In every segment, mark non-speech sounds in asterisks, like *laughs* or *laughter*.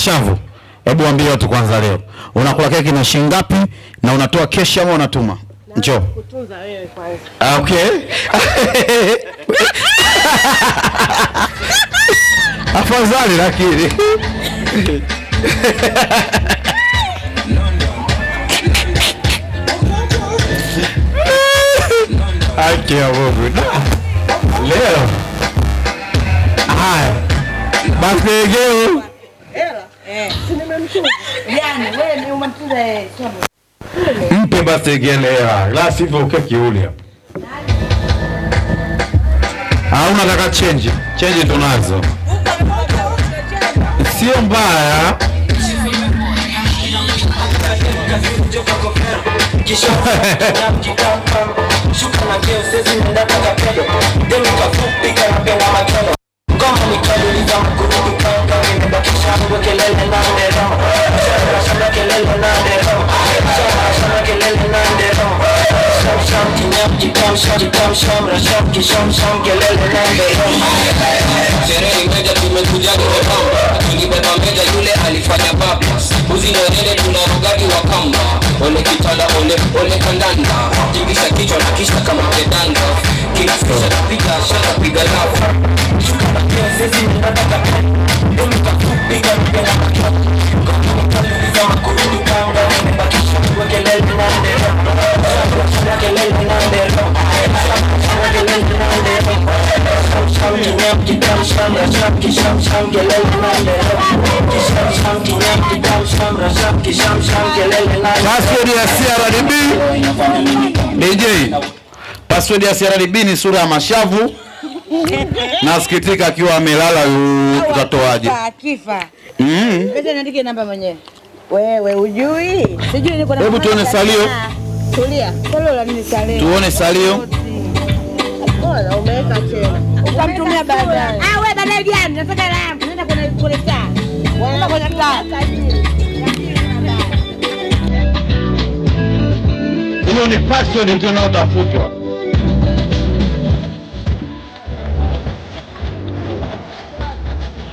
shavu, hebu waambie watu kwanza, leo unakula keki na shilingi ngapi na unatoa keshi ama unatuma? Njo kutunza wewe kwanza. Ah, okay. *laughs* Afadhali lakini *laughs* leo basi, egeo Mpe basi ya. la sivyo ukekiuli hapo. Hauna nataka change? Change tunazo, sio mbaya *laughs* ni kadri zangu nikipanga sherehe imeja tumekuja nimepamba akibeba mbeja yule alifanya bablas uzi na rede tuna rugati wa kamba Ole kitala ole ole kandanda Tingisha kichwa na kisha kama pedanga Kinafisha na piga shaka piga lafu Shuka na kia na kani kelele Password ya CRDB DJ, password ya CRDB ni sura ya mashavu. Nasikitika akiwa amelala, utatoaje? Mm. Niandike namba mwenyewe. Wewe ujui? Sijui niko na. Hebu tuone salio. Tulia. Tuone salio. Umeweka tena. Utamtumia baadaye. Ah, wewe baadaye jana nataka Nenda kwenye kule kwenye Son i pastori di n u t a futuro.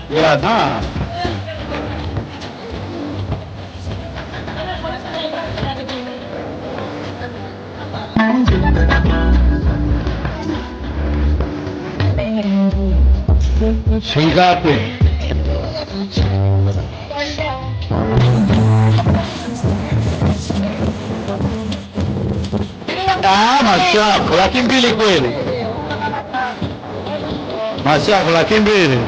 Ja, da. Singapore. Ah, mashafu laki mbili kweli? Mashafu laki mbili.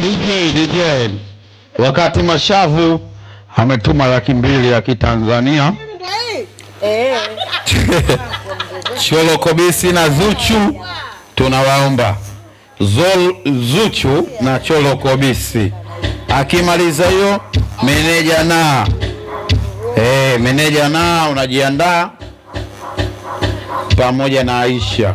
hadithi DJ wakati Mashavu ametuma laki mbili ya Kitanzania *laughs* Cholo Kobisi na Zuchu tunawaomba Zol, Zuchu na Cholo Kobisi akimaliza hiyo meneja na hey, meneja na unajiandaa pamoja na Aisha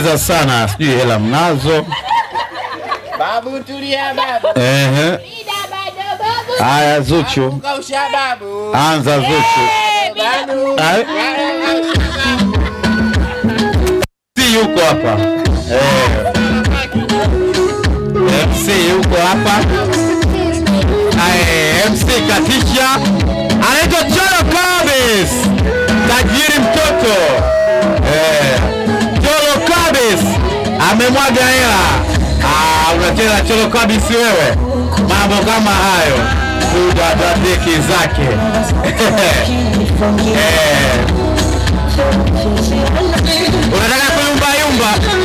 mnapendeza sana, sijui hela mnazo. Babu tulia babu. Ehe. Haya Zuchu anza, Zuchu eh, si yuko hapa eh. MC yuko hapa. Ay, MC katisha anaitwa amemwaga hela. Ah, unacheza chelo kabisa wewe, mambo kama hayo udadadeki zake *laughs* eh. unataka kuyumbayumba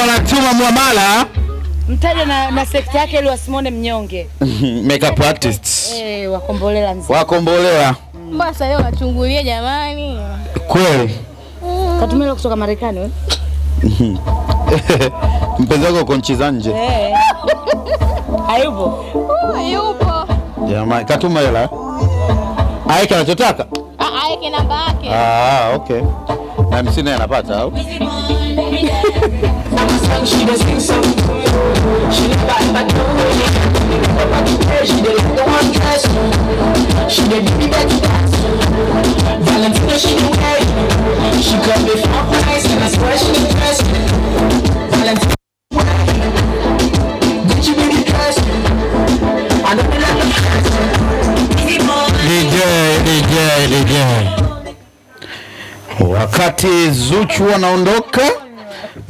wanatuma mwamala mtaja na, na sekta yake ili wasimone mnyonge *laughs* makeup eh, artist eh, wakombolela mzee, wakombolela mm. basa leo wachungulie jamani, kweli mm. katumelo kutoka Marekani wewe *laughs* mpenzi wako uko nchi za nje eh, *laughs* hayupo uh, hayupo jamani, katuma hela aeke anachotaka aeke namba yake. Ah, okay na msini anapata au Wakati Zuchu wanaondoka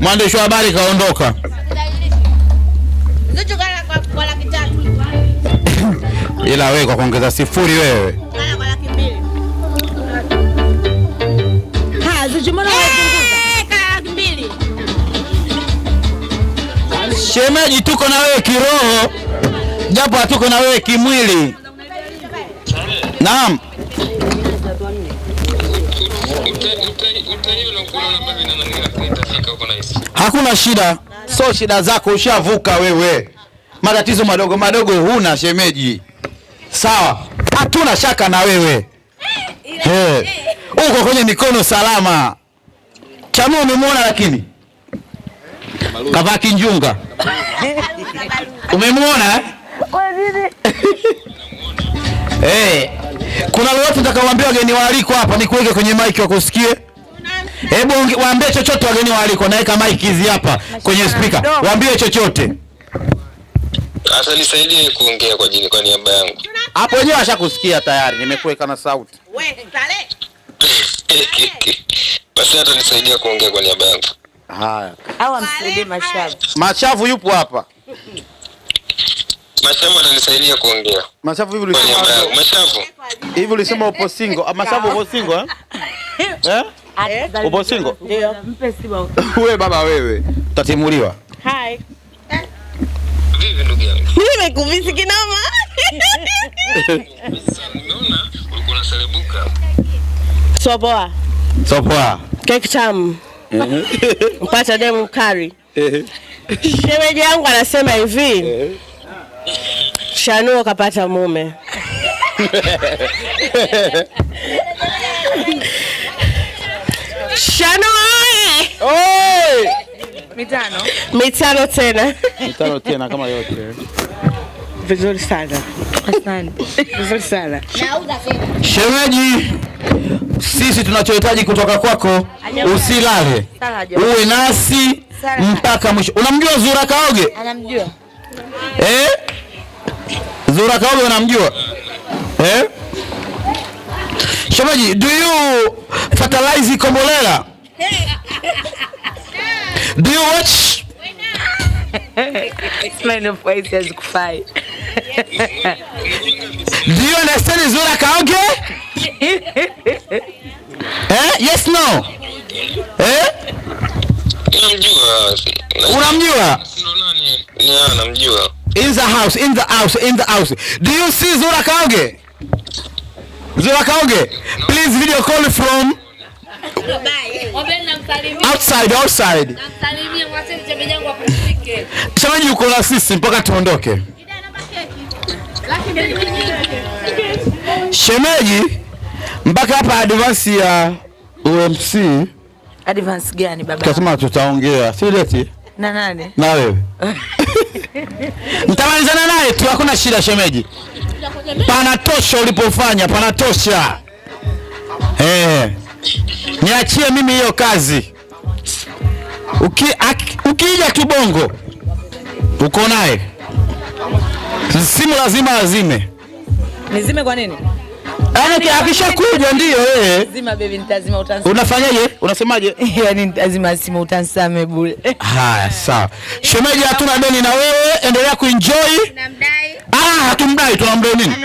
mwandishi wa habari kaondoka. *coughs* Ila wewe kwa kuongeza sifuri wewe. Eh, Shemeji, tuko na wewe kiroho japo hatuko na wewe kimwili. Naam. Hakuna shida, so shida zako ushavuka wewe, matatizo madogo madogo huna shemeji, sawa? Hatuna shaka na wewe hey. Uko kwenye mikono salama. Chamua umemwona, lakini kavaa kinjunga umemwona eh? hey. *laughs* Eh. Kuna lolote utakaoambia wageni waalikwa hapa, nikuweke kwenye maiki wakusikie. Hebu waambie chochote wageni waalikwa, naweka maiki hizi hapa kwenye speaker, waambie chochote. Sasa nisaidie kuongea kwa jini kwa niaba yangu. Hapo wenyewe washakusikia tayari, nimekuweka na sauti. sale. *laughs* Basi hata nisaidia kuongea kwa niaba yangu. Haya. Au msaidie mashavu. Mashavu yupo hapa. Mashavu atanisaidia kuongea. Mashavu hivi ulisema Mashavu. Hivi ulisema upo single. Ah, Mashavu upo single eh? Eh? Upo single? Ndio. Mpe simu. *laughs* Wewe baba wewe. Utatimuliwa. Hai. Vipi ndugu yangu? *laughs* Nimekuvisi kinoma. *laughs* Nimeona ulikuwa unaselebuka. Sio poa. Sio poa. Keki tamu. Mhm. Mpata demu kari. Shemeji yangu anasema hivi. Eh. Shanuo kapata mume Shanuo oye, mitano mitano tena mitano tena kama yote vizuri sana asante, vizuri sana shemeji. Sisi tunachohitaji kutoka kwako, usilale, uwe nasi mpaka mwisho. Unamjua Zura Kaoge? Anamjua eh? Zuhura Kaobe unamjua? Eh? Shemeji, do you fertilize Kombolela? Do you watch? Smile of face has kufai. Do you understand Zura Kaobe? Eh? Yes no. Eh? Unamjua? Unamjua? Ndio, ah, namjua. In the house, in the house, in the house. Do you see Zura Kauge? Zura Kauge, please video call from outside, outside. Msemaji uko na sisi mpaka tuondoke. Shemeji mpaka hapa advance ya UMC. Advance gani baba? Kasema tutaongea. Sileti na nani? Na wewe mtamalizana *laughs* naye tu, hakuna shida shemeji. Panatosha ulipofanya panatosha. Eh, niachie mimi hiyo kazi. Ukija kibongo uko naye msimu, lazima azime nizime. Kwa nini? Yaani, yaani akishakuja ndio yeye. Zima baby nitazima utansame. Unafanyaje? Unasemaje? *laughs* Yaani nitazima simu utansame bure. *laughs* Haya, sawa. Shemeji hatuna deni na wewe, endelea kuenjoy. Tunamdai. Ah, hatumdai, tunamdai nini?